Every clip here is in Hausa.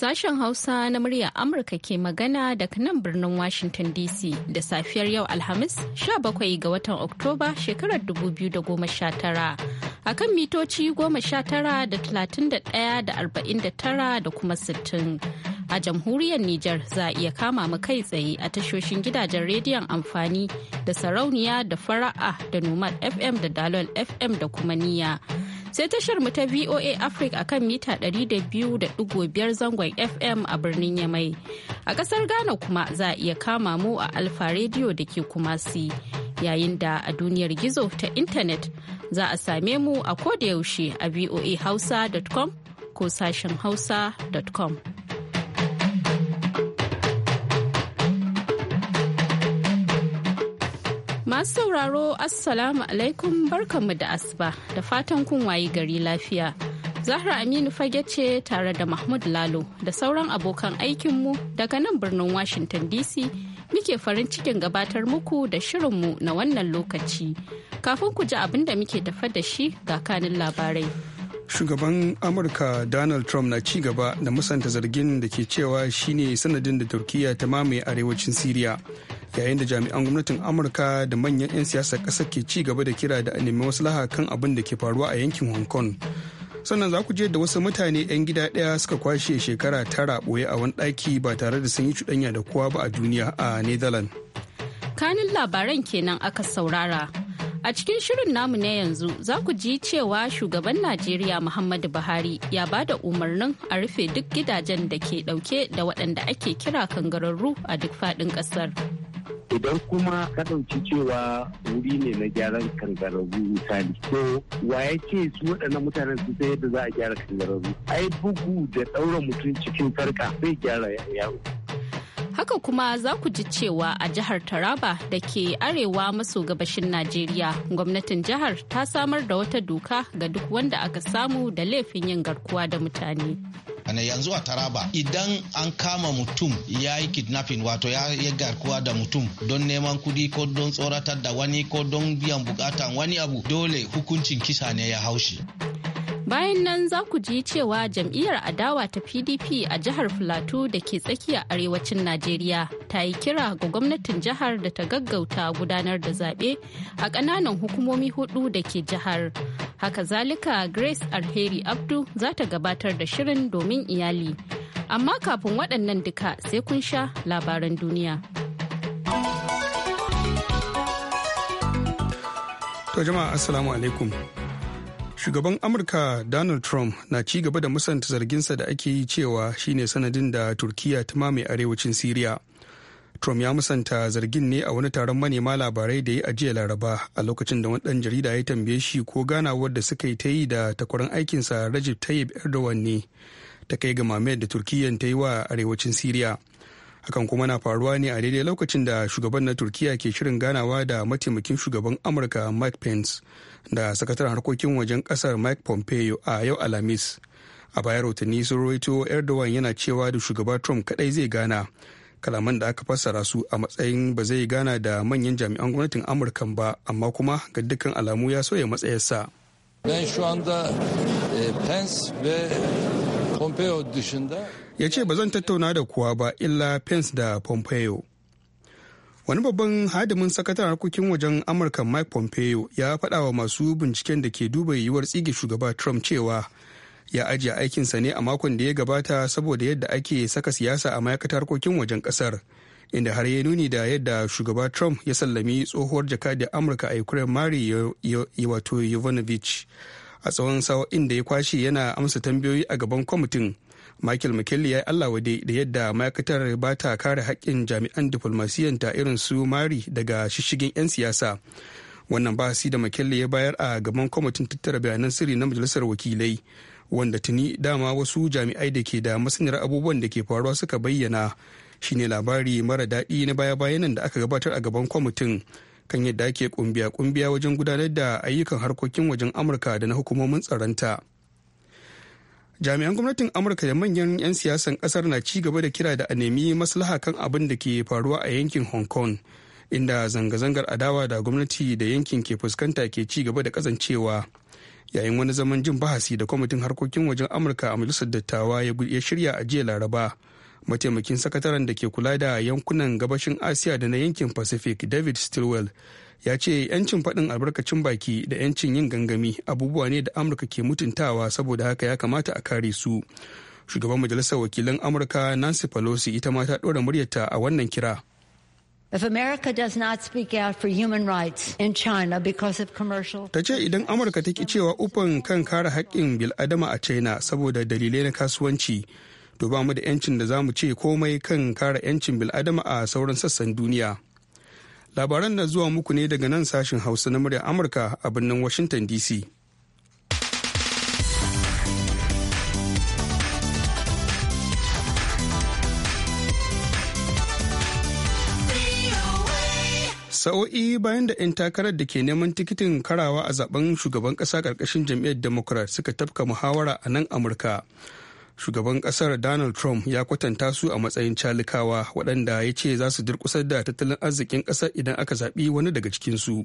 Sashen Hausa na muryar Amurka ke magana daga nan birnin Washington DC da safiyar yau Alhamis 17 ga watan Oktoba shekarar 2019 a kan mitoci 19 da 31 da 49 da kuma 60. A jamhuriyar Nijar za a iya kama mu kai tsaye a tashoshin gidajen rediyon amfani da sarauniya da fara'a da Nomad FM da Dalol FM da kuma niyya. sai tashar mu ta VOA Africa akan mita 200.5 zangon FM a birnin Yamai. A kasar Ghana kuma za a iya kama mu a Alfa Radio da ke Kumasi. Yayin da a duniyar gizo ta intanet za a same mu a kodayaushe a VOA voahausa.com ko sashen hausa.com. Masu sauraro Assalamu alaikum barkanmu da asuba da fatan kun waye gari lafiya. Zahra Aminu fage ce tare da Mahmud Lalo da sauran abokan aikinmu daga nan birnin Washington DC muke farin cikin gabatar muku da shirinmu na wannan lokaci. Kafin ku ji abin da muke tafa da shi ga kanin labarai. shugaban amurka donald trump na ci gaba da musanta zargin da ke cewa shine sanadin da turkiya ta mamaye arewacin siriya yayin da jami'an gwamnatin amurka da manyan 'yan siyasar kasar ke ci gaba da kira da a nemi maslaha kan abin da ke faruwa a yankin hong kong sannan za ku je da wasu mutane 'yan gida daya suka kwashe shekara tara ɓoye a wani ɗaki ba tare da sun yi cuɗanya da kowa ba a duniya a netherlands kanin labaran kenan aka saurara A cikin shirin namu na yanzu za ku ji cewa shugaban Najeriya Muhammadu Buhari ya ba da umarnin a rufe duk gidajen da ke ɗauke da waɗanda ake kira kangararru a duk faɗin ƙasar. idan kuma ka ɗauki cewa wuri ne na gyaran kangararru misali to wa ya ce su waɗannan mutanen su sai yadda za a gyara kangararru ai bugu da ɗaura mutum cikin farka zai gyara yaro Haka kuma za ku ji cewa a jihar Taraba da ke arewa maso gabashin Najeriya gwamnatin jihar ta samar da wata doka ga duk wanda aka samu da laifin yin garkuwa da mutane. yanzu a taraba idan an kama mutum ya yi kidnapping wato ya yi garkuwa da mutum don neman kudi ko don tsoratar da wani ko don biyan bukatan wani abu dole hukuncin kisa ne ya haushi bayan nan za ku ji cewa jam'iyyar adawa ta pdp a jihar filato da ke tsakiya arewacin najeriya ta yi kira ga gwamnatin jihar da ta gaggauta gudanar da zaɓe a ƙananan hukumomi hudu da ke jihar haka zalika grace alheri abdu za ta gabatar da shirin domin iyali amma kafin waɗannan duka sai kun sha labaran duniya to jama'a assalamu alaikum shugaban amurka donald trump na ci gaba da musanta zarginsa da ake yi cewa shine sanadin da turkiya ta mame arewacin siriya trump ya musanta zargin ne a wani taron manema labarai da ya a jiya laraba a lokacin da wani dan jarida ya tambaye shi ko ganawar da suka yi ta yi da takwaran aikinsa rajib tayyip erdogan ne ta kai ga mamayar da turkiyya ta yi wa arewacin siriya hakan kuma na faruwa ne a daidai lokacin da shugaban na turkiya ke shirin ganawa da mataimakin shugaban amurka mike pence da sakataren harkokin wajen kasar mike pompeo a yau alhamis a baya rahotanni sun rawaito erdogan yana cewa da shugaba trump kadai zai gana kalaman da aka fassara su a matsayin ba zai gana da manyan jami'an gwamnatin amurka ba amma kuma ga dukkan alamu ya sauya matsayarsa e, ya ce ba zan tattauna da kuwa ba illa pence da pompeo wani babban hadimin sakatar harkokin wajen amurka mike pompeo ya faɗa wa masu binciken da ke duba yiwuwar tsige shugaba trump cewa ya ajiye aikinsa ne a makon da ya gabata saboda yadda ake saka siyasa a ma'aikatar harkokin wajen kasar inda har ya nuni da yadda shugaba trump ya sallami tsohuwar jakadiyar amurka a ukraine mari wato yovanovich a tsawon sawa'in da ya kwashe yana amsa tambayoyi a gaban kwamitin michael mckinley ya yi allah wade da yadda ma'aikatar ba ta kare haƙƙin jami'an ta irin su mari daga shishigin 'yan siyasa wannan bahasi da mckinley ya bayar a gaban kwamitin tattara bayanan sirri na majalisar wakilai wanda tuni dama wasu jami'ai da ke da masaniyar abubuwan da ke faruwa suka bayyana shine labari mara daɗi na baya-bayanan da aka gabatar a gaban kwamitin kan yadda ake kumbiya-kumbiya wajen gudanar da ayyukan harkokin wajen amurka da na hukumomin tsaronta. jami'an gwamnatin amurka da manyan 'yan siyasan kasar na ci gaba da kira da a nemi maslaha kan abin da ke faruwa a yankin hong kong inda zanga-zangar adawa da gwamnati da yankin ke fuskanta ke ci gaba da kasancewa yayin wani zaman jin bahasi da kwamitin harkokin wajen amurka a majalisar dattawa ya shirya a jiya laraba mataimakin sakataren da ke kula da yankunan gabashin asiya da na yankin pacific david stilwell ya ce 'yancin faɗin albarkacin baki da 'yancin yin gangami abubuwa ne da amurka ke mutuntawa saboda haka ya kamata a kare su shugaban majalisar wakilan amurka nancy pelosi ita ma ta ɗora muryarta a wannan kira If America not speak out for human in China because of commercial Ta ce idan Amurka ta ki cewa ufan kan kare haƙƙin bil'adama a China saboda dalilai na kasuwanci to ba mu da 'yancin da za mu ce komai kan kare 'yancin bil'adama a sauran sassan duniya. labaran na zuwa muku ne daga nan sashen hausa na murya amurka a birnin washington dc sa'o'i bayan da 'yan takarar da ke neman tikitin karawa a zaben shugaban ƙasa karkashin jam'iyyar democrat suka tafka muhawara a nan amurka shugaban kasar donald trump ya kwatanta su a matsayin calikawa waɗanda ya ce za su durkusar da tattalin arzikin ƙasar idan aka zaɓi wani daga cikinsu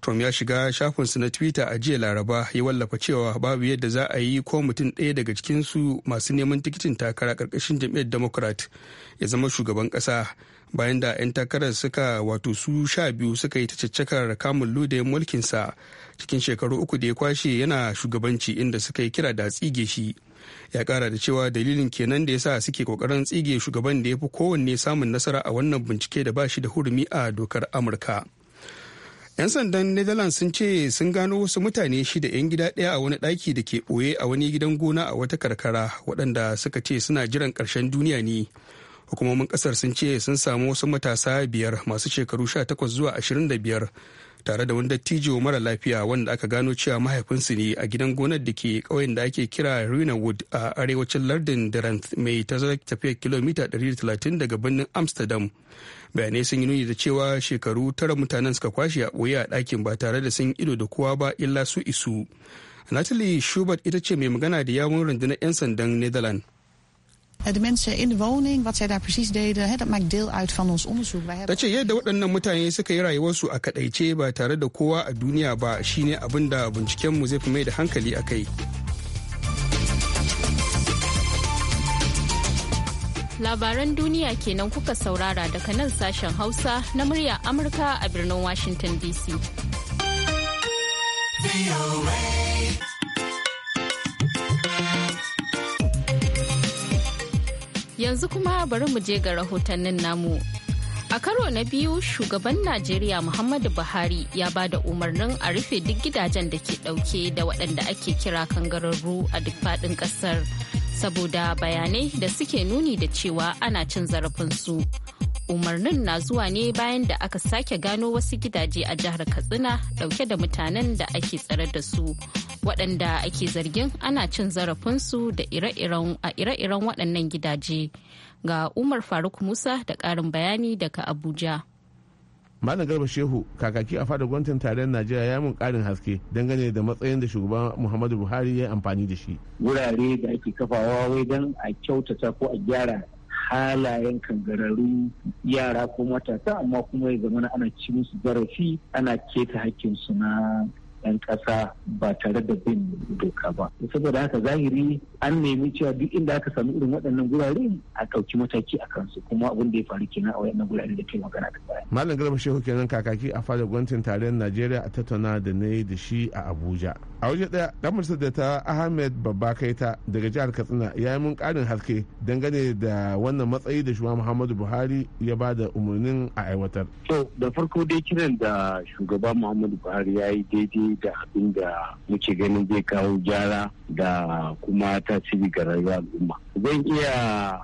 trump ya shiga shafinsu na twitter a jiya laraba ya wallafa cewa babu yadda za a yi ko mutum ɗaya daga cikinsu masu neman tikitin takara ƙarƙashin jam'iyyar democrat ya zama shugaban ƙasa bayan da 'yan takarar suka wato su sha biyu suka yi ta caccakar kamun mulkin sa cikin shekaru uku da ya kwashe yana shugabanci inda suka yi kira da tsige shi ya kara da cewa dalilin kenan da ya sa suke kokarin tsige shugaban da ya fi kowanne samun nasara a wannan bincike da ba shi da hurumi a dokar amurka 'yan sandan netherlands sun ce sun gano wasu mutane shida 'yan gida ɗaya a wani ɗaki da ke ɓoye a wani gidan gona a wata karkara waɗanda suka ce suna jiran ƙarshen duniya ne hukumomin ƙasar sun ce sun samu wasu matasa biyar masu shekaru 18 zuwa 25 tare da wani dattijo mara lafiya wanda aka gano cewa mahaifinsu ne a gidan gonar da ke ƙauyen da ake kira Rinawood a arewacin lardin Durant mai tazarar tafiya kilomita 130 daga birnin Amsterdam. Bayanai sun yi nuni da cewa shekaru tara mutanen suka kwashe a ɓoye a ɗakin ba tare da sun ido da kowa ba illa su isu. Natalie Schubert ita ce mai magana da yawon rundunar 'yan sandan Netherlands. Eh, de mensen in de woning, wat zij daar precies deden, he, dat maakt deel uit van ons onderzoek. Dat je yadda waɗannan mutane suka yi rayuwarsu a kaɗaice ba tare da kowa a duniya ba shine abin da bincikenmu zai fi mai da hankali a kai. Labaran duniya kenan kuka saurara daga nan sashen Hausa na murya Amurka a birnin Washington DC. Yanzu kuma bari mu je ga rahotannin namu. A karo na biyu shugaban Najeriya Muhammadu Buhari ya ba da umarnin a rufe duk gidajen da ke ɗauke da waɗanda ake kira kangararru a duk faɗin ƙasar saboda bayanai da suke nuni da cewa ana cin zarafin su. umarnin na zuwa ne bayan da aka sake gano wasu gidaje a jihar katsina dauke da mutanen da ake tsare da su waɗanda ake zargin ana cin zarafinsu a ire-iren waɗannan gidaje ga umar faruk musa da ƙarin bayani daga abuja Malam Garba Shehu kakaki a fadar gwamnatin tarayyar Najeriya ya mun karin haske dangane da matsayin da shugaban Muhammadu Buhari ya yi amfani da shi. Wurare da ake kafawa wai a kyautata ko a gyara halayen kangararru yara ko matasa amma kuma ya zama ana ci musu zarafi ana keta hakkinsu na 'yan kasa ba tare da bin doka ba saboda haka zahiri an nemi cewa duk inda aka samu irin waɗannan gurare a ɗauki mataki a kansu kuma abin da ya faru kenan a waɗannan gurare da ke magana da baya malam garba shehu kenan kakaki a fadar gwamnatin tarayyar najeriya a tattauna da na yi da shi a abuja a waje ɗaya ɗan majalisar da ta ahmed babba kaita daga jihar katsina ya yi mun ƙarin haske dangane da wannan matsayi da shugaba muhammadu buhari ya ba da umarnin a aiwatar. to da farko dai kiran da shugaba muhammadu buhari ya yi daidai amfani da abin da muke ganin zai kawo gyara da kuma tasiri ga rayuwar al'umma zan iya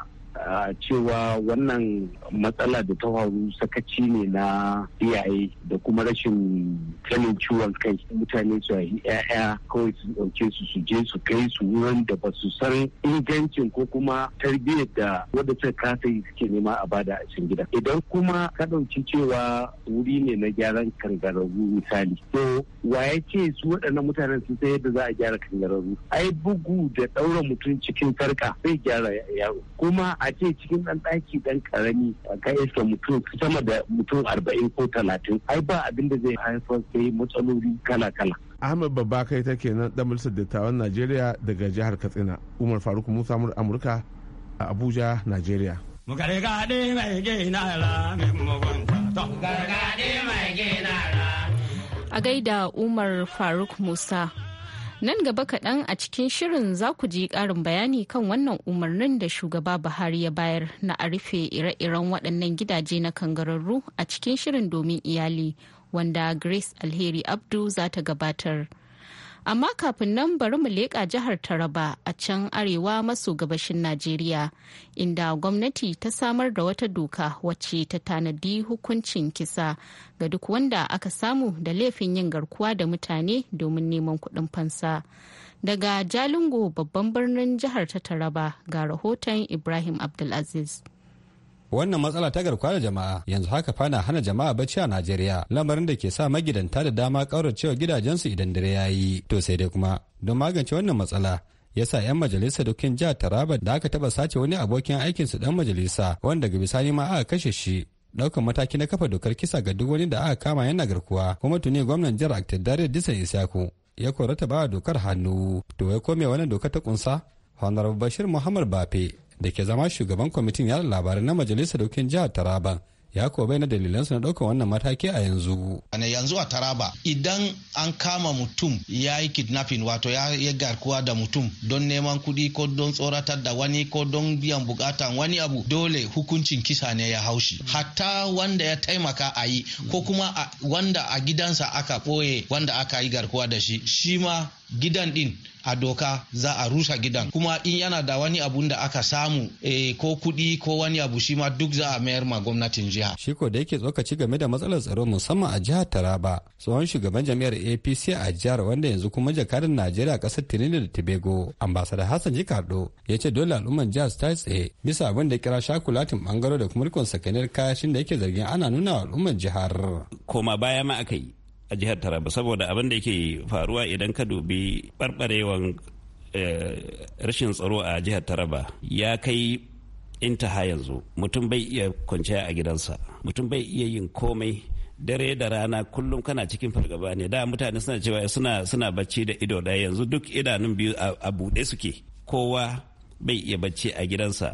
cewa wannan matsala da ta faru sakaci ne na iyaye da kuma rashin sanin ciwon kai mutane su yi ya'ya kawai su dauke su su je su kai su wurin da ba su san ingancin ko kuma tarbiyyar da wadda ta kasa yi suke nema a bada a cikin gida idan kuma ka dauki cewa wuri ne na gyaran kangararru misali to ya ce su waɗannan mutanen su sai yadda za a gyara kangararru ai bugu da ɗaura mutum cikin sarka zai gyara yaro kuma a ce cikin ɗan ɗaki ɗan ƙarami kan iska mutum sama da mutum arba'in ko talatin ai ba abin da zai haifar sai matsaloli kala-kala. Ahmed Babba kai ta kenan ɗan majalisar dattawan Najeriya daga jihar Katsina. Umar Faruk Musa Amurka a Abuja, Najeriya. Gargaɗe mai gina ra mai mugunta. Gargaɗe mai gina ra. A gaida Umar Faruk Musa Nan gaba kaɗan a cikin shirin za ku ji ƙarin bayani kan wannan umarnin da shugaba Buhari ya bayar na a rufe ire-iren waɗannan gidaje na kangararru a cikin shirin domin iyali wanda Grace Alheri Abdu za ta gabatar. Amma kafin nan bari mu leƙa jihar Taraba a can arewa maso gabashin Najeriya, inda gwamnati ta samar da wata doka wacce ta tanadi hukuncin kisa ga duk wanda aka samu da laifin yin garkuwa da mutane domin neman kuɗin fansa. Daga Jalingo babban birnin jihar ta Taraba ga rahoton Ibrahim Abdulaziz. wannan matsala ta garkuwa da jama'a yanzu haka fana hana jama'a bacci a najeriya lamarin da ke sa magidanta da dama kauracewa gidajensu idan dare ya yi to sai dai kuma don magance wannan matsala Yasa 'yan majalisa dukkan jihar taraba da aka taba sace wani abokin aikinsu dan majalisa wanda daga bisani ma aka kashe shi daukan mataki na kafa dokar kisa ga duk wani da aka kama yana garkuwa kuma tuni gwamnan jihar aktadare isa isaku ya korata ba dokar hannu to wai kome wannan doka ta kunsa honorable bashir muhammad bafe da ke zama shugaban kwamitin yada labarai na majalisar dokin jihar taraba ya kobai bai na dalilansu na ɗaukar wannan mataki a yanzu. Ana yanzu a Taraba idan an kama mutum ya yi kidnapping wato ya yi garkuwa da mutum don neman kuɗi ko don tsoratar da wani ko don biyan bukatan wani abu dole hukuncin kisa ne ya haushi. Hatta wanda ya taimaka a yi ko kuma wanda a gidansa aka ɓoye wanda aka yi garkuwa da shi shi ma gidan din. a doka za a rusa gidan kuma in yana da wani abun da aka samu e, ko kuɗi ko wani abu shi ma duk za a mayar ma gwamnatin jiha. Shi ko da yake tsokaci game da matsalar tsaro musamman a jihar Taraba tsohon shugaban jami'ar APC a jihar wanda yanzu kuma jakadan Najeriya kasar Trinidad da Tobago ambasada Hassan Jikardo ya ce dole al'umman jihar su ta tsaye bisa abin da kira shakulatin bangaro da kuma rikon sakanin kayashin da yake zargin ana nuna al'umman jihar. Koma baya ma aka yi. a jihar taraba saboda abin da yake faruwa idan ka dubi barbarewan eh, rashin tsaro a jihar taraba ya kai intaha yanzu mutum bai iya kwanciya a gidansa mutum bai iya yin komai dare da rana kullum kana cikin fargaba ne da mutane suna cewa suna suna bacci da ido ɗaya yanzu duk idanun biyu a buɗe suke kowa bai iya bacci a gidansa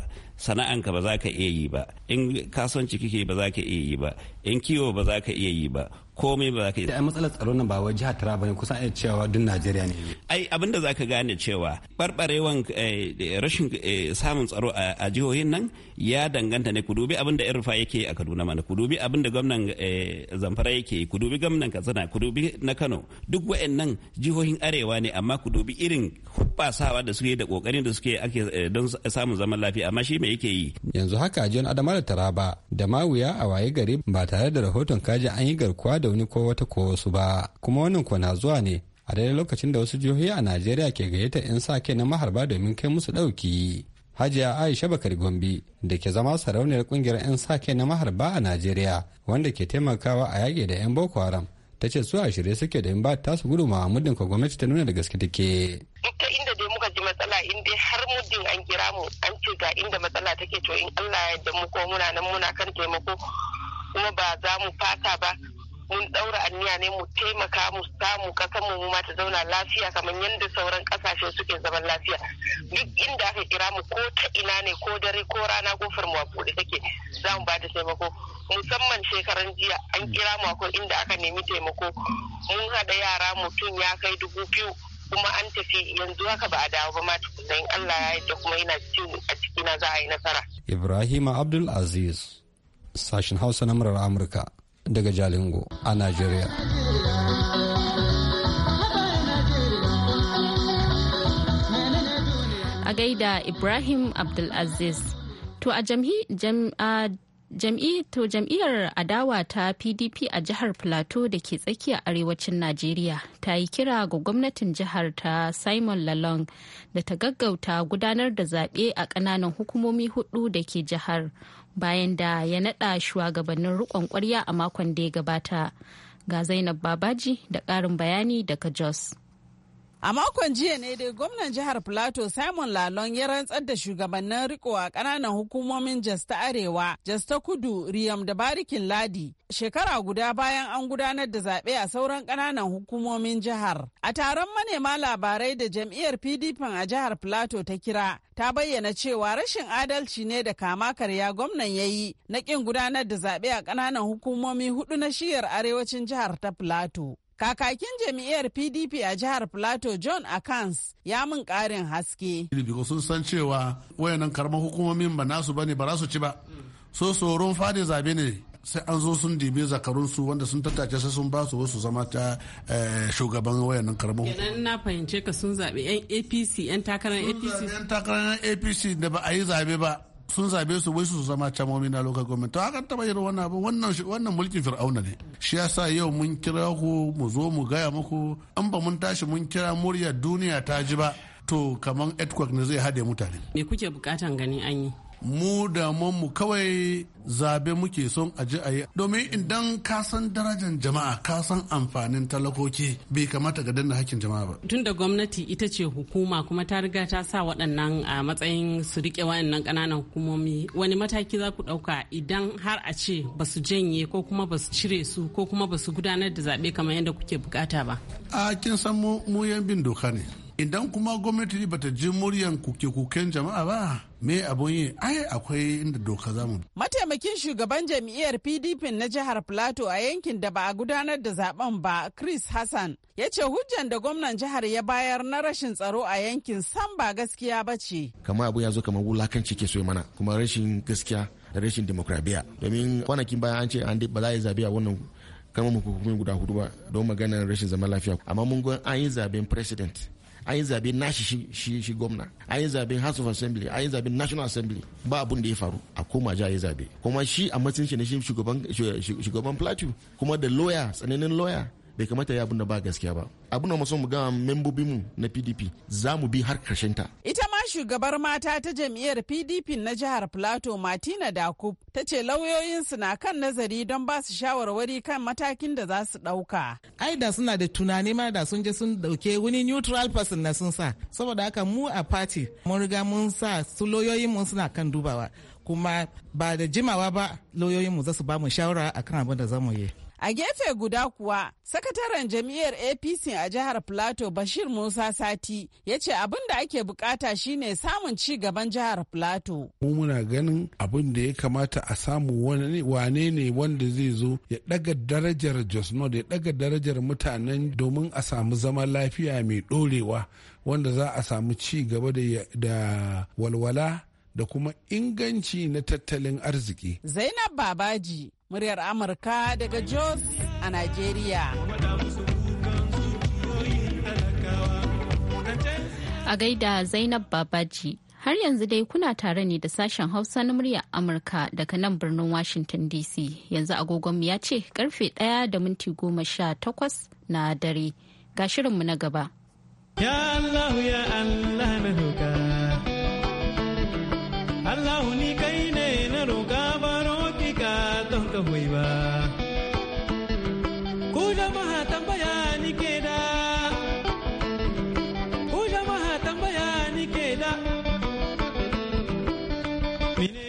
sana'anka ba za ka iya yi ba in kasuwanci kike ba za ka iya yi ba in kiwo ba za ka iya yi ba komai ba za ka yi. Da matsalar tsaro nan ba wai jihar Taraba ne kusan iya cewa duk Najeriya ne. Ai abin da za ka gane cewa barbarewan eh, rashin eh, samun tsaro a jihohin nan ya danganta ne kudubi abin da Irfa yake a Kaduna mana kudubi abin da gwamnan eh, Zamfara yake kudubi gwamnan Katsina kudubi na Kano duk wayannan jihohin arewa ne amma kudubi irin hubbasawa da suke da kokarin da suke ake don samun zaman lafiya amma shi me yake yi. Yanzu haka jihar Adama da Taraba da ma wuya a waye gari ba tare da rahoton kaji an yi garkuwa da wani ko wata ko wasu ba kuma wannan ko na zuwa ne a daidai lokacin da wasu jihohi a najeriya ke gayyata 'yan sa kai na maharba domin kai musu ɗauki hajiya aisha bakar gombe da ke zama sarauniyar kungiyar 'yan sa kai na maharba a najeriya wanda ke taimakawa a yaƙi da 'yan boko haram ta ce su a shirye suke da in ba tasu gudunmawa muddin ko gwamnati ta nuna da gaske take duk inda Allah in har muddin an kira mu an ce ga inda matsala take to in Allah ya yarda mu ko muna nan muna kan taimako kuma ba za mu fata ba mun daura anniya ne mu taimaka mu samu kasan mu ma ta zauna lafiya kamar yadda sauran kasashe suke zaman lafiya duk inda aka kira mu ko ta ina ne ko dare ko rana ko mu a bude take za mu da taimako musamman shekaran jiya an kira mu akwai inda aka nemi taimako mun haɗa yara mutum ya kai dubu biyu kuma an tafi yanzu haka ba a dawo ba ma tukunan Allah ya yarda kuma yana ciwo a ciki na za a yi nasara. Ibrahim Abdul Aziz sashen Hausa na murar Amurka daga Jalingo a Najeriya. A gaida Ibrahim Abdulaziz. To a jam'i to jam'iyyar adawa ta pdp a jihar plateau da ke tsakiya arewacin najeriya ta yi kira ga gwamnatin jihar ta simon lalong da ta gaggauta gudanar da zaɓe a ƙananan hukumomi hudu da ke jihar bayan da ya naɗa shugabannin riƙon ƙwarya a makon da ya gabata ga zainab babaji da ƙarin bayani daga jos A makon jiya ne dai gwamnan jihar Plateau Simon Lalon ya rantsar da shugabannin riko a ƙananan hukumomin Jas ta Arewa, Jas ta Kudu, Riyam da Barikin Ladi. Shekara guda bayan an gudanar da zaɓe a sauran ƙananan hukumomin jihar. A taron manema labarai da jam'iyyar PDP a jihar Plateau ta kira, ta bayyana cewa rashin adalci ne da kama karya gwamnan ya yi na ƙin gudanar da zaɓe a ƙananan hukumomi hudu na shiyar arewacin jihar ta Plateau. Kakakin jami'ar PDP a jihar Plateau John Akans ya mun ƙarin haske. sun san cewa wayannan karamar hukumomin ba nasu bane ba za su ci ba. So tsoron fadi zabe ne sai an zo sun dibe zakarunsu wanda sun tattace sai sun ba su wasu zama ta eh, shugaban wayannan karamar hukumomi. Kenan na fahimce ka sun zabe 'yan APC 'yan takarar APC. 'yan takarar APC da ba a yi zabe ba sun zabe su wai su zama camomi na local government to hakan taba yin wannan abin wannan wannan mulkin fir'auna ne shi yasa yau mun kira ku mu zo mu gaya muku an ba mun tashi mun kira murya duniya ta ji ba to kamar earthquake ne zai hade mutane me kuke bukatan gani an yi mu da mu kawai zabe muke son a ji a yi domin idan ka san darajar jama'a ka san amfanin talakoki bai kamata ga danna hakkin jama'a ba tun da gwamnati ita ce hukuma kuma ta riga ta sa waɗannan a matsayin su rike waɗannan ƙananan hukumomi wani mataki za ku ɗauka idan har a ce ba su janye ko kuma ba su cire su ko kuma ba su gudanar da zaɓe kamar yadda kuke bukata ba a kin san mu yan bin doka ne idan kuma gwamnati ba ta ji muryan kuke-kuken jama'a ba me abun yi ai akwai inda doka zamu mataimakin shugaban jam'iyyar pdp na jihar plateau a yankin da ba a gudanar da zaben ba chris hassan ya ce hujjan da gwamnan jihar ya bayar na rashin tsaro a yankin san ba gaskiya ba ce kamar abu ya zo kamar wulakanci ke so mana kuma rashin gaskiya da rashin demokradiyya domin kwanakin bayan an ce an ba za a yi zabe a wannan kamar hukumomi guda hudu ba don maganar rashin zaman lafiya amma mun ga an yi zaben president an yi zabe nashi shi gwamna an yi zaben house of assembly an yi zaben national assembly ba abun da ya faru a koma ja yi zabe kuma shi a matsayin shi ne shugaban shugaban plateau kuma da lawyer tsananin lawyer bai kamata ya abun da ba gaskiya ba abun da mu mu membobinmu na pdp za mu bi har karshen ta ita shugabar mata ta jam'iyyar PDP na jihar Plateau Martina Dakub ta ce lauyoyinsu na kan nazari don ba su shawarwari kan matakin da za su ɗauka. Ai da suna da tunani ma da sun je sun ɗauke wani neutral person na sun sa. Saboda haka mu a party mun riga mun sa su lauyoyin mun suna kan dubawa. Kuma ba da jimawa ba lauyoyin mu za su ba mu shawara akan abin da za mu yi. A gefe guda kuwa, sakataren jam'iyyar APC a jihar Plateau Bashir Musa Sati ya ce abin da ake bukata shine samun ci gaban jihar Plateau. Mu muna ganin abin da ya kamata a samu wane ne wanda zai zo ya daga darajar Jos ya daga darajar mutanen domin a samu zama lafiya mai dorewa wanda za a samu ci gaba da walwala da kuma inganci na tattalin arziki. Zainab Babaji muryar Amurka daga Jos a Najeriya. A gaida Zainab Babaji, har yanzu dai kuna tare ne da sashen Hausa na muryar Amurka daga nan birnin Washington DC. Yanzu agogonmu ya ce karfe ɗaya da minti goma sha takwas na dare. Ga shirinmu na gaba. Ya Allah ya Allah na Allah ni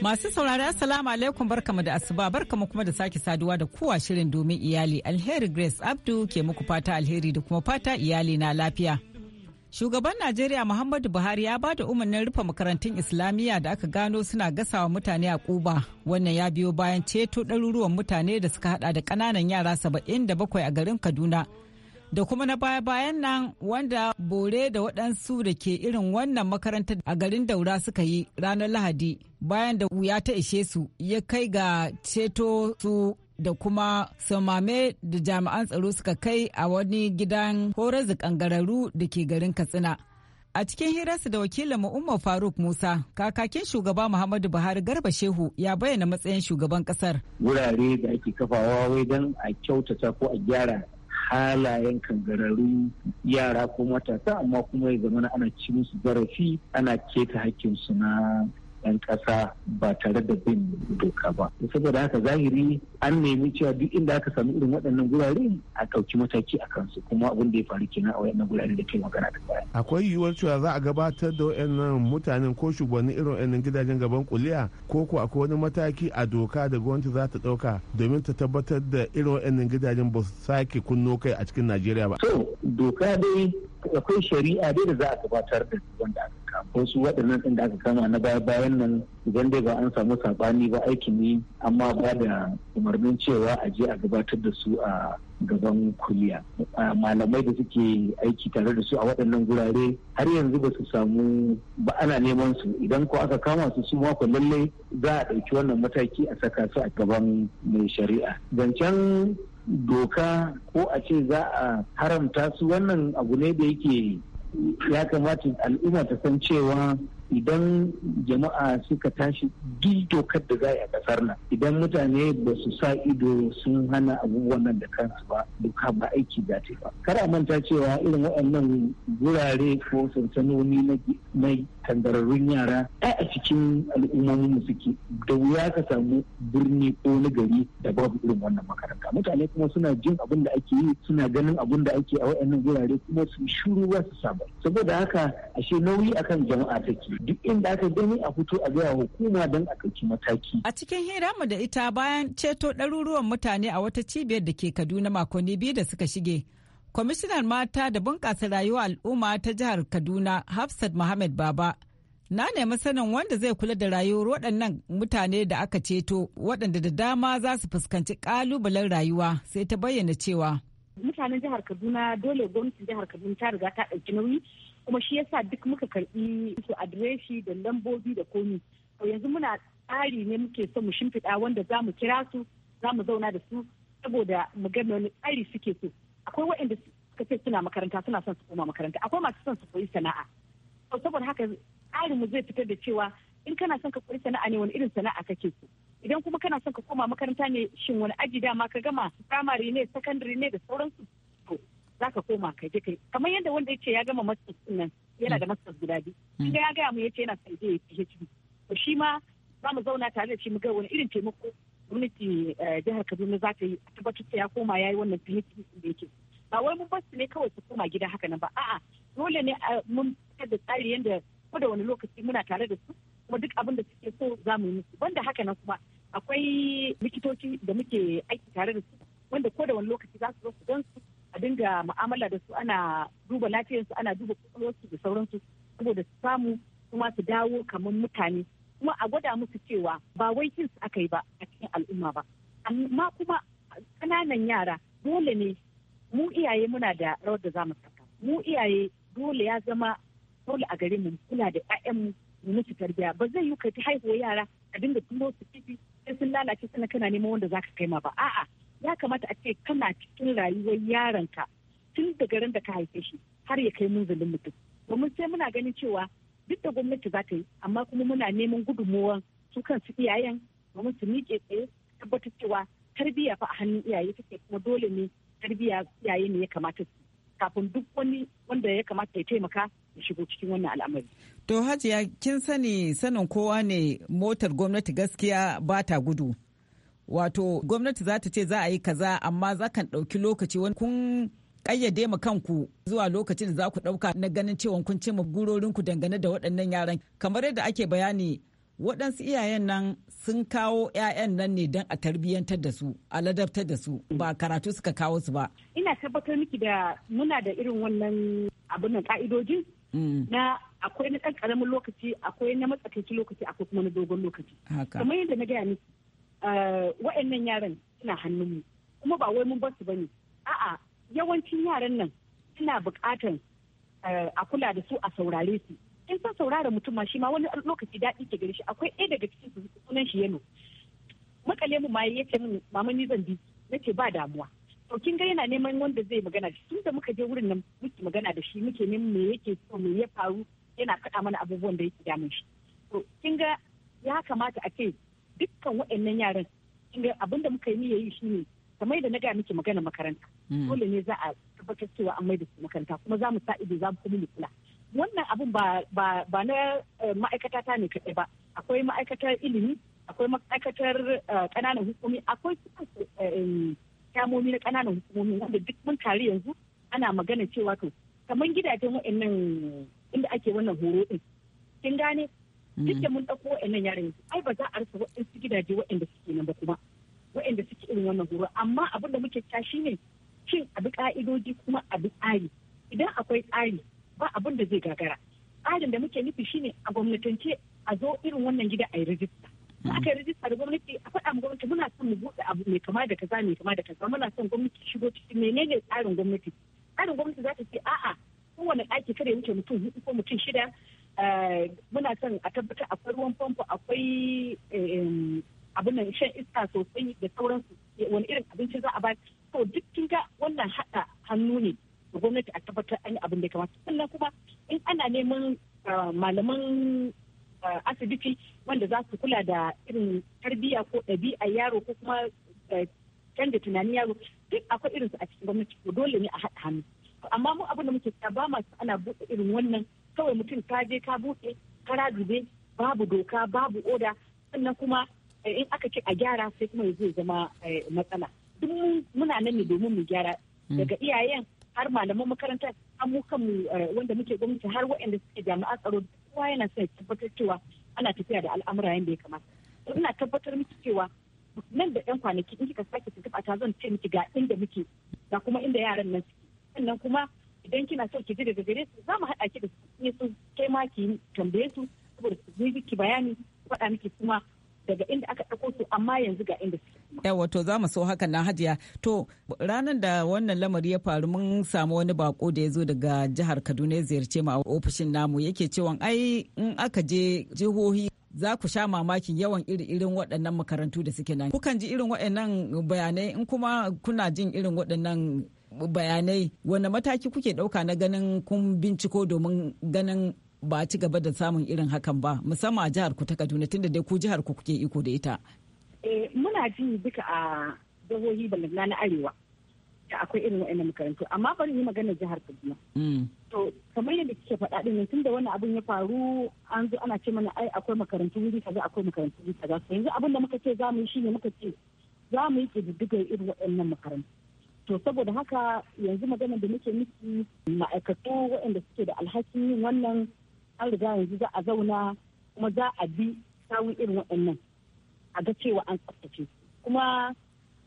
Masu saurari Assalamu alaikum barkamu da asuba barkamu kuma da sake saduwa da kowa shirin domin iyali alheri Grace Abdu ke muku fata alheri da kuma fata iyali na lafiya. Shugaban Najeriya Muhammadu Buhari ya ba da umarnin rufe makarantun Islamiyya da aka gano suna gasawa mutane a Kuba. Wannan ya biyo bayan ceto ɗaruruwan mutane da suka hada da ƙananan yara saba'in da bakwai a garin Kaduna da kuma na baya-bayan nan wanda bore da waɗansu da ke irin wannan makarantar a garin daura suka yi ranar lahadi bayan da wuya ta ishe su ya kai ga ceto su da kuma samame da jami'an tsaro suka kai a wani gidan horar kangararru da ke garin katsina a cikin hirarsa da wakilin umar faruk musa kakakin shugaba muhammadu buhari garba shehu ya bayyana matsayin shugaban kasar wurare da ake kafawa wai don a kyautata ko a gyara halayen kangararrun yara ko matasa amma kuma ya zama ana ci musu zarafi ana keta hakkinsu na 'yan kasa ba tare da bin doka ba saboda haka zahiri an nemi cewa duk inda aka sami irin waɗannan gurare a ɗauki mataki a kansu kuma abin da ya faru kenan a waɗannan gurare da ke magana da baya akwai yiwuwar cewa za a gabatar da waɗannan mutanen ko shugabannin irin waɗannan gidajen gaban kuliya ko ko akwai wani mataki a doka da gwamnati za ta ɗauka domin ta tabbatar da irin waɗannan gidajen ba su sake kunno kai a cikin najeriya ba. so doka dai akwai shari'a dai da za a gabatar da wanda aka kama wasu waɗannan ɗin da aka kama na baya bayan nan idan dai ba an samu saɓani ba aiki ne amma ba da umarnin cewa a je a gabatar da su a gaban kuliya malamai da suke aiki tare da su a waɗannan gurare har yanzu ba su samu ba ana neman su idan ko aka kama su su ma lallai za a ɗauki wannan mataki a saka su a gaban mai shari'a zancen doka ko a ce za a haramta su wannan abu ne da yake ya kamata al'umma ta san cewa idan jama'a suka tashi duk dokar da za a kasar nan idan mutane ba su sa ido sun hana abubuwan nan da kansu ba duka ba aiki za ta ba kar a manta cewa irin waɗannan gurare ko sansanoni na na tangararrun yara a a cikin al'ummomin mu suke da wuya ka samu birni ko na gari da babu irin wannan makaranta mutane kuma suna jin abin da ake yi suna ganin abin da ake a wayannan gurare kuma su shuru ba su saba saboda haka ashe nauyi akan jama'a take duk inda aka gani a fito a ga hukuma don a kai mataki a cikin hira mu da ita bayan ceto ɗaruruwan mutane a wata cibiyar da ke Kaduna makonni biyu da suka shige kwamishinar mata da bunƙasa rayuwa al'umma ta jihar kaduna hafsat muhammad baba na nemi sanin wanda zai kula da rayuwar waɗannan mutane da aka ceto waɗanda da dama za su fuskanci ƙalubalen rayuwa sai ta bayyana cewa mutanen jihar kaduna dole gwamnatin jihar kaduna ta riga ta ɗauki nauyi kuma shi yasa duk muka karɓi su adireshi da lambobi da komi to yanzu muna tsari ne muke so mu shimfiɗa wanda za mu kira su za mu zauna da su saboda mu ga wani tsari suke so akwai waɗanda suka ce suna makaranta suna son su koma makaranta akwai masu son su koyi sana'a saboda haka mu zai fitar da cewa in kana son ka koyi sana'a ne wani irin sana'a kake so idan kuma kana son ka koma makaranta ne shin wani aji dama ka gama primary ne secondary ne da sauransu to za ka koma ka je kai kamar yadda wanda ya ce ya gama masters din nan yana da masters guda biyu mm. inda ya gaya mu ya ce yana son je PhD to shi ma za mu zauna tare da shi mu ga wani irin taimako gwamnati eh, jihar kaduna za ta yi tabbatar ya koma ya yi wannan clinic da yake ba wai mun bar ne kawai su koma gida haka nan ba a'a dole ne eh, mun da tsari yadda ko da wani lokaci muna tare da su kuma duk abin da suke so za mu yi musu banda haka nan kuma akwai likitoci da muke aiki tare da su wanda ko da wani lokaci za su zo su gan su a dinga mu'amala da su ana duba lafiyarsu ana duba kwakwalwarsu da sauransu saboda su samu kuma su dawo kamar mutane kuma a gwada musu cewa ba wai kins aka yi ba a cikin al'umma ba amma kuma kananan yara dole ne mu iyaye muna da rawar da zamu saka mu iyaye dole ya zama dole a gare mu kula da ƴaƴanmu mu musu tarbiyya ba zai yi ka ta haihuwa yara a dinga tuno su kifi sai sun lalace sana kana neman wanda zaka kai ma ba a'a ya kamata a ce kana cikin rayuwar yaronka tun daga ran da ka haife shi har ya kai munzalin mutum domin sai muna ganin cewa duk da gwamnati za ta yi amma kuma muna neman gudunmuwan su su iyayen domin su miƙe tsaye tabbatar cewa tarbiyya fa a hannun iyaye take kuma dole ne tarbiyya iyaye ne ya kamata su kafin duk wani wanda ya kamata ya taimaka ya shigo cikin wannan al'amari. To Hajiya kin sani sanin kowa ne motar gwamnati gaskiya ba ta gudu. Wato gwamnati za ta ce za a yi kaza amma za kan ɗauki lokaci wani kun kayyade ma kanku zuwa lokacin da za ku ɗauka na ganin cewa kun burorin ku dangane da waɗannan yaran kamar yadda ake bayani waɗansu iyayen nan sun kawo 'ya'yan nan ne don a tarbiyyantar da su a ladabtar da su ba karatu suka kawo su ba ina tabbatar miki da muna da irin wannan abin nan ka'idojin mm. na akwai na ɗan ƙaramin lokaci akwai na matsakaici lokaci akwai kuma na dogon lokaci kamar yadda na gaya miki eh, wa'annan yaran suna hannunmu kuma ba wai mun bar su bane a'a yawancin yaran nan suna buƙatar eh, a kula da su a saurare su in san saurara mutum ma shi ma wani lokaci daɗi ke gare shi akwai ɗaya daga cikin su sunan shi yano makale mu ma yace min mama ni zan bi nace ba damuwa to kin ga yana neman wanda zai magana da tun da muka je wurin nan muke magana da shi muke neman me yake so me ya faru yana faɗa mana abubuwan da yake damun shi to kin ga ya kamata a ce dukkan waɗannan yaran kin abin da muka yi ni yayi shine kamar da na ga miki magana makaranta Mm. dole ne za a tabbatar cewa an da su makaranta kuma za mu sa ido za mu kuma kula wannan abun ba na eh, ma'aikata ta ne kaɗai ba akwai ma'aikatar ilimi akwai ma'aikatar eh, ƙananan hukumi akwai eh, kyamomi na ƙananan hukumomi wanda duk mun tare yanzu ana magana cewa to kamar gidajen wa'annan inda ake wannan horo din kin gane mm. duk da mun ɗauko wa'annan yaran ai ba za a rasa wa'ansu gidaje wa'anda suke nan ba kuma wa'anda suke irin wannan horo amma abin da muke ta ne. shin a bi ka'idoji kuma a bi tsari idan akwai tsari ba abin da zai gagara tsarin da muke nufi shine a gwamnatance a zo irin wannan gida a yi rijista ko aka yi rijista da gwamnati a faɗa ma gwamnati muna son mu buɗe abu mai kama da kaza mai kama da kaza muna son gwamnati shigo ciki menene tsarin gwamnati tsarin gwamnati za ta ce a'a kowane ɗaki kare wuce mutum hudu ko mutum shida eh, muna son a tabbatar akwai ruwan famfo akwai eh, abin nan shan iska sosai da sauransu wani irin abinci za a ba ana haɗa hannu ne da gwamnati a tabbatar an yi abin da ya kamata sannan kuma in ana neman ah, malaman ah, asibiti wanda za su kula da irin tarbiyya ko ɗabi'a yaro ko kuma canza tunanin yaro duk akwai irinsu a cikin gwamnati ko dole ne a haɗa hannu amma mu abin da muke ta ba masu ana buɗe irin wannan kawai mutum ka je ka buɗe kara zube babu doka babu oda sannan kuma eh, in aka ce a gyara sai kuma ya zai zama eh, matsala duk muna nan ne domin mu gyara daga iyayen har malaman makarantar amukan eh, wanda muke gwamnati har waɗanda suke jami'a tsaro kowa yana son tabbatar cewa ana tafiya da al'amura yadda ya kamata ina tabbatar miki cewa nan da yan kwanaki in kika sake ki tabbata zan ce miki ga inda muke ga kuma inda yaran nan suke sannan kuma idan kina so ki ji daga gare su za mu haɗa ki da su su kai ma ki tambaye su saboda su yi miki bayani faɗa miki kuma daga inda aka ɗauko su amma yanzu ga inda suke yawa to za mu so hakan na hajiya to ranar da wannan lamari ya faru mun samu wani bako da ya zo daga jihar kaduna ya ziyarce mu a ofishin namu yake cewa ai in aka je jihohi za ku sha mamakin yawan iri-irin waɗannan makarantu da suke nan kukan ji irin waɗannan bayanai in kuma kuna jin irin waɗannan bayanai wanda mataki kuke ɗauka na ganin kun binciko domin ganin ba ci gaba da samun irin hakan ba musamman a jihar ku ta kaduna tunda dai ku jihar ku kuke iko da ita Eh, muna ji duka a jihohi balagna na arewa da akwai irin wa'annan makarantu amma bari yi magana jihar kaduna mm. to kamar yadda kike faɗa din tun da wani abun ya faru an zo ana ce mana ai akwai makarantu wuri kaza akwai makarantu wuri kaza to yanzu abin da muka ce za mu yi shine muka ce za mu yi kididdigar irin wa'annan makarantu to saboda haka yanzu magana da muke miki ma'aikatu waɗanda suke da alhakin wannan an riga yanzu za a zauna kuma za a bi sawun irin waɗannan a ga cewa an tsaftace kuma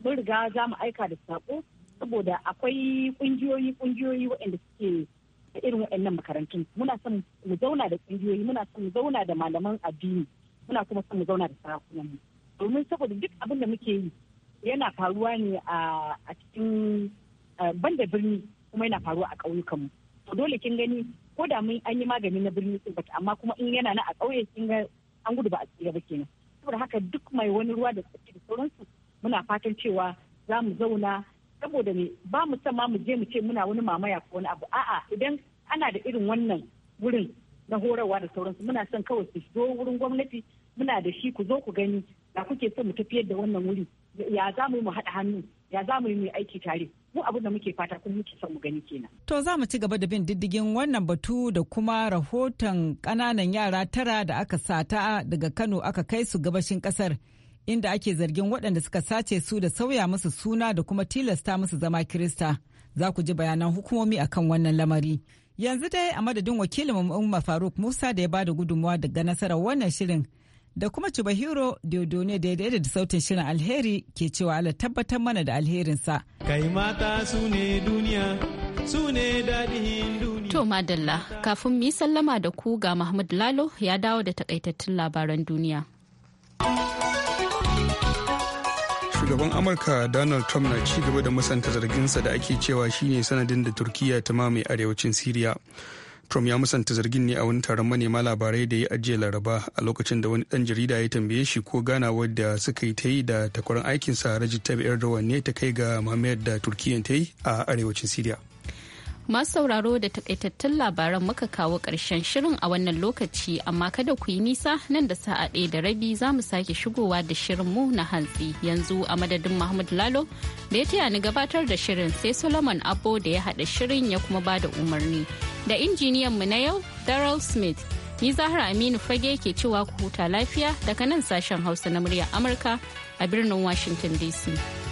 mun riga za mu aika da sako saboda akwai kungiyoyi kungiyoyi waɗanda suke da irin waɗannan makarantun muna son mu zauna da kungiyoyi muna son mu zauna da malaman addini muna kuma son mu zauna da sarakunan mu domin saboda duk abin da muke yi yana faruwa ne a cikin eh, banda birni kuma yana faruwa a ƙauyukan mu to dole kin gani ko da mun an yi magani na birni sun amma kuma in yana na a ƙauye kin ga an gudu ba a tsira ba kenan saboda haka duk mai wani ruwa da tsaki da sauransu muna fatan cewa za mu zauna saboda ne ba mu san ma mu je mu ce muna wani mamaya ko wani abu a'a idan ana da irin wannan wurin na horarwa da sauransu muna son kawai su zo wurin gwamnati muna da shi ku zo ku gani da kuke so mu tafiyar da wannan wuri ya za mu haɗa hannu ya za mu yi aiki tare mu abin da muke fata kuma muke son mu gani kenan. To za mu ci gaba da bin diddigin wannan batu da kuma rahoton ƙananan yara tara da aka sata daga Kano aka kai su gabashin kasar inda ake zargin waɗanda suka sace su da sauya musu suna da kuma tilasta musu zama Kirista. Za ku ji bayanan hukumomi akan wannan lamari. Yanzu dai a madadin wakilin Umar Faruk Musa da ya ba da gudunmuwa daga nasarar wannan shirin. da kuma Chubahiro Diodone daidai da sautin shirin alheri ke cewa Allah tabbatar mana da alherinsa. Kai mata su ne duniya, su ne daɗin duniya. To Madalla, kafin mu yi sallama da ku ga Mahmud Lalo ya dawo da takaitattun labaran duniya. Shugaban Amurka Donald Trump na ci gaba da musanta zarginsa da ake cewa shine sanadin da Turkiyya ta mamaye arewacin Siriya. Trump ya musanta zargin ne a wani taron manema labarai da ya ajiye laraba a lokacin da wani dan jarida ya tambaye shi ko ganawar da suka yi ta yi da takwarar aikinsa rajin tabi'ar ne ta kai ga mamayar da turkiyya ta yi a arewacin Siriya. Masu sauraro da takaitattun labaran muka kawo ƙarshen shirin a wannan lokaci amma kada ku yi nisa nan da sa'a ɗaya da rabi za mu sake shigowa da shirin mu na hantsi yanzu a madadin Mahmud Lalo da ya taya ni gabatar da shirin sai Solomon abo da ya haɗa shirin ya kuma ba da umarni. Da injiniyan mu na yau Daryl Smith ni Zahra Aminu Fage ke cewa ku huta lafiya daga nan sashen Hausa na murya Amurka a birnin Washington DC.